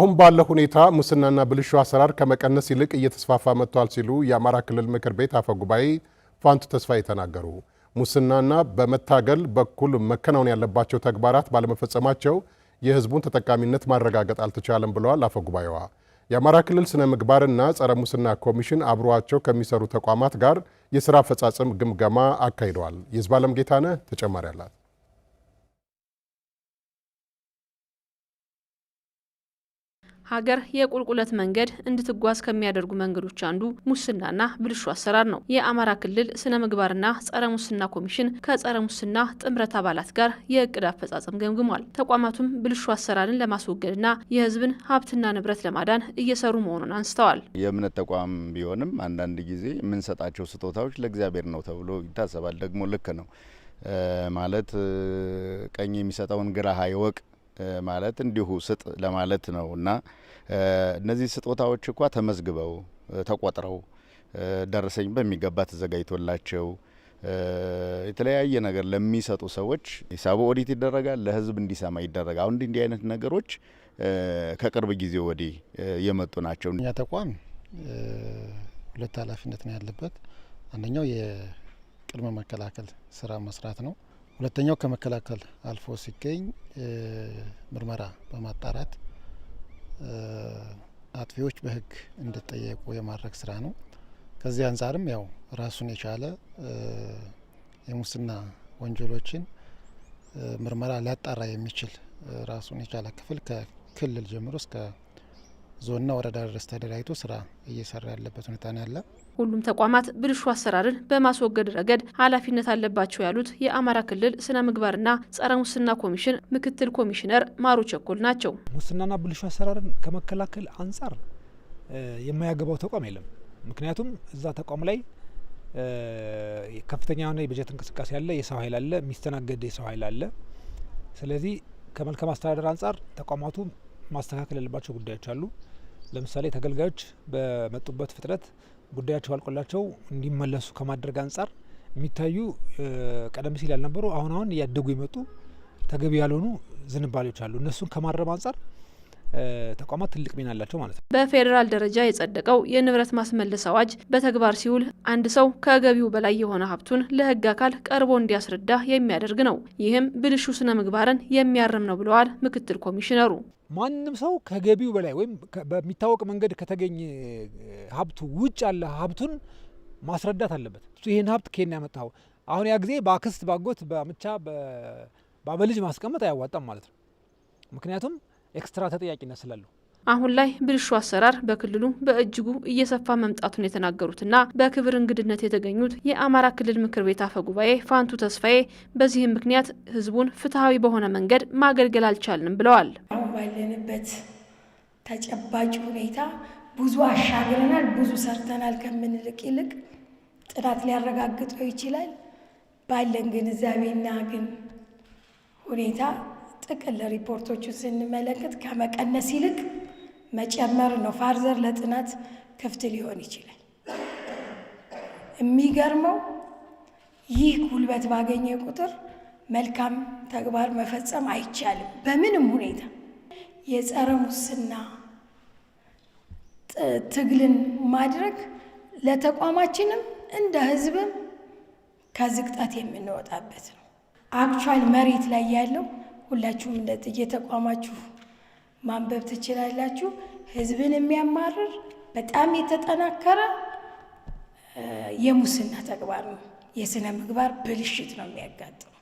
አሁን ባለው ሁኔታ ሙስናና ብልሹ አሰራር ከመቀነስ ይልቅ እየተስፋፋ መጥቷል ሲሉ የአማራ ክልል ምክር ቤት አፈ ጉባኤ ፋንቱ ተስፋዬ ተናገሩ። ሙስናና በመታገል በኩል መከናወን ያለባቸው ተግባራት ባለመፈጸማቸው የሕዝቡን ተጠቃሚነት ማረጋገጥ አልተቻለም ብለዋል አፈ ጉባኤዋ። የአማራ ክልል ስነ ምግባርና ጸረ ሙስና ኮሚሽን አብሯቸው ከሚሰሩ ተቋማት ጋር የስራ አፈጻጸም ግምገማ አካሂደዋል። የህዝብ አለም ጌታነህ ተጨማሪ አላት። ሀገር የቁልቁለት መንገድ እንድትጓዝ ከሚያደርጉ መንገዶች አንዱ ሙስናና ብልሹ አሰራር ነው። የአማራ ክልል ስነ ምግባርና ጸረ ሙስና ኮሚሽን ከጸረ ሙስና ጥምረት አባላት ጋር የእቅድ አፈጻጸም ገምግሟል። ተቋማቱም ብልሹ አሰራርን ለማስወገድና የህዝብን ሀብትና ንብረት ለማዳን እየሰሩ መሆኑን አንስተዋል። የእምነት ተቋም ቢሆንም አንዳንድ ጊዜ የምንሰጣቸው ስጦታዎች ለእግዚአብሔር ነው ተብሎ ይታሰባል። ደግሞ ልክ ነው ማለት ቀኝ የሚሰጠውን ግራ አይወቅ ማለት እንዲሁ ስጥ ለማለት ነው እና እነዚህ ስጦታዎች እኳ ተመዝግበው ተቆጥረው ደረሰኝ በሚገባ ተዘጋጅቶላቸው የተለያየ ነገር ለሚሰጡ ሰዎች ሂሳቡ ኦዲት ይደረጋል፣ ለህዝብ እንዲሰማ ይደረጋል። አሁን እንዲህ አይነት ነገሮች ከቅርብ ጊዜ ወዲህ የመጡ ናቸው። እኛ ተቋም ሁለት ኃላፊነት ነው ያለበት። አንደኛው የቅድመ መከላከል ስራ መስራት ነው። ሁለተኛው ከመከላከል አልፎ ሲገኝ ምርመራ በማጣራት አጥፊዎች በህግ እንዲጠየቁ የማድረግ ስራ ነው። ከዚህ አንጻርም ያው ራሱን የቻለ የሙስና ወንጀሎችን ምርመራ ሊያጣራ የሚችል ራሱን የቻለ ክፍል ከክልል ጀምሮ እስከ ዞንና ወረዳ ድረስ ተደራጅቶ ስራ እየሰራ ያለበት ሁኔታ ነው ያለ። ሁሉም ተቋማት ብልሹ አሰራርን በማስወገድ ረገድ ኃላፊነት አለባቸው ያሉት የአማራ ክልል ስነ ምግባርና ጸረ ሙስና ኮሚሽን ምክትል ኮሚሽነር ማሩ ቸኮል ናቸው። ሙስናና ብልሹ አሰራርን ከመከላከል አንጻር የማያገባው ተቋም የለም። ምክንያቱም እዛ ተቋም ላይ ከፍተኛ የሆነ የበጀት እንቅስቃሴ አለ፣ የሰው ኃይል አለ፣ የሚስተናገድ የሰው ኃይል አለ። ስለዚህ ከመልካም አስተዳደር አንጻር ተቋማቱ ማስተካከል ያለባቸው ጉዳዮች አሉ። ለምሳሌ ተገልጋዮች በመጡበት ፍጥነት ጉዳያቸው አልቆላቸው እንዲመለሱ ከማድረግ አንጻር የሚታዩ ቀደም ሲል ያልነበሩ አሁን አሁን እያደጉ የመጡ ተገቢ ያልሆኑ ዝንባሌዎች አሉ። እነሱን ከማረም አንጻር ተቋማት ትልቅ ሚና አላቸው ማለት ነው። በፌዴራል ደረጃ የጸደቀው የንብረት ማስመለስ አዋጅ በተግባር ሲውል አንድ ሰው ከገቢው በላይ የሆነ ሀብቱን ለሕግ አካል ቀርቦ እንዲያስረዳ የሚያደርግ ነው። ይህም ብልሹ ስነ ምግባርን የሚያርም ነው ብለዋል ምክትል ኮሚሽነሩ። ማንም ሰው ከገቢው በላይ ወይም በሚታወቅ መንገድ ከተገኘ ሀብቱ ውጭ ያለ ሀብቱን ማስረዳት አለበት። ይህን ሀብት ከየት ያመጣው? አሁን ያ ጊዜ በአክስት ባጎት፣ በምቻ በአበልጅ ማስቀመጥ አያዋጣም ማለት ነው። ምክንያቱም ኤክስትራ ተጠያቂነት ስላለው አሁን ላይ ብልሹ አሰራር በክልሉ በእጅጉ እየሰፋ መምጣቱን የተናገሩትና በክብር እንግድነት የተገኙት የአማራ ክልል ምክር ቤት አፈ ጉባኤ ፋንቱ ተስፋዬ በዚህም ምክንያት ሕዝቡን ፍትሐዊ በሆነ መንገድ ማገልገል አልቻልንም ብለዋል። ባለንበት ተጨባጭ ሁኔታ ብዙ አሻግረናል፣ ብዙ ሰርተናል ከምንልቅ ይልቅ ጥናት ሊያረጋግጠው ይችላል። ባለን ግንዛቤና ግን ሁኔታ ጥቅል ሪፖርቶቹን ስንመለከት ከመቀነስ ይልቅ መጨመር ነው። ፋርዘር ለጥናት ክፍት ሊሆን ይችላል። የሚገርመው ይህ ጉልበት ባገኘ ቁጥር መልካም ተግባር መፈጸም አይቻልም በምንም ሁኔታ። የጸረ ሙስና ትግልን ማድረግ ለተቋማችንም እንደ ህዝብም ከዝቅጣት የምንወጣበት ነው። አክቹዋል መሬት ላይ ያለው ሁላችሁም ተቋማችሁ ማንበብ ትችላላችሁ። ህዝብን የሚያማርር በጣም የተጠናከረ የሙስና ተግባር ነው። የስነ ምግባር ብልሽት ነው የሚያጋጥመው።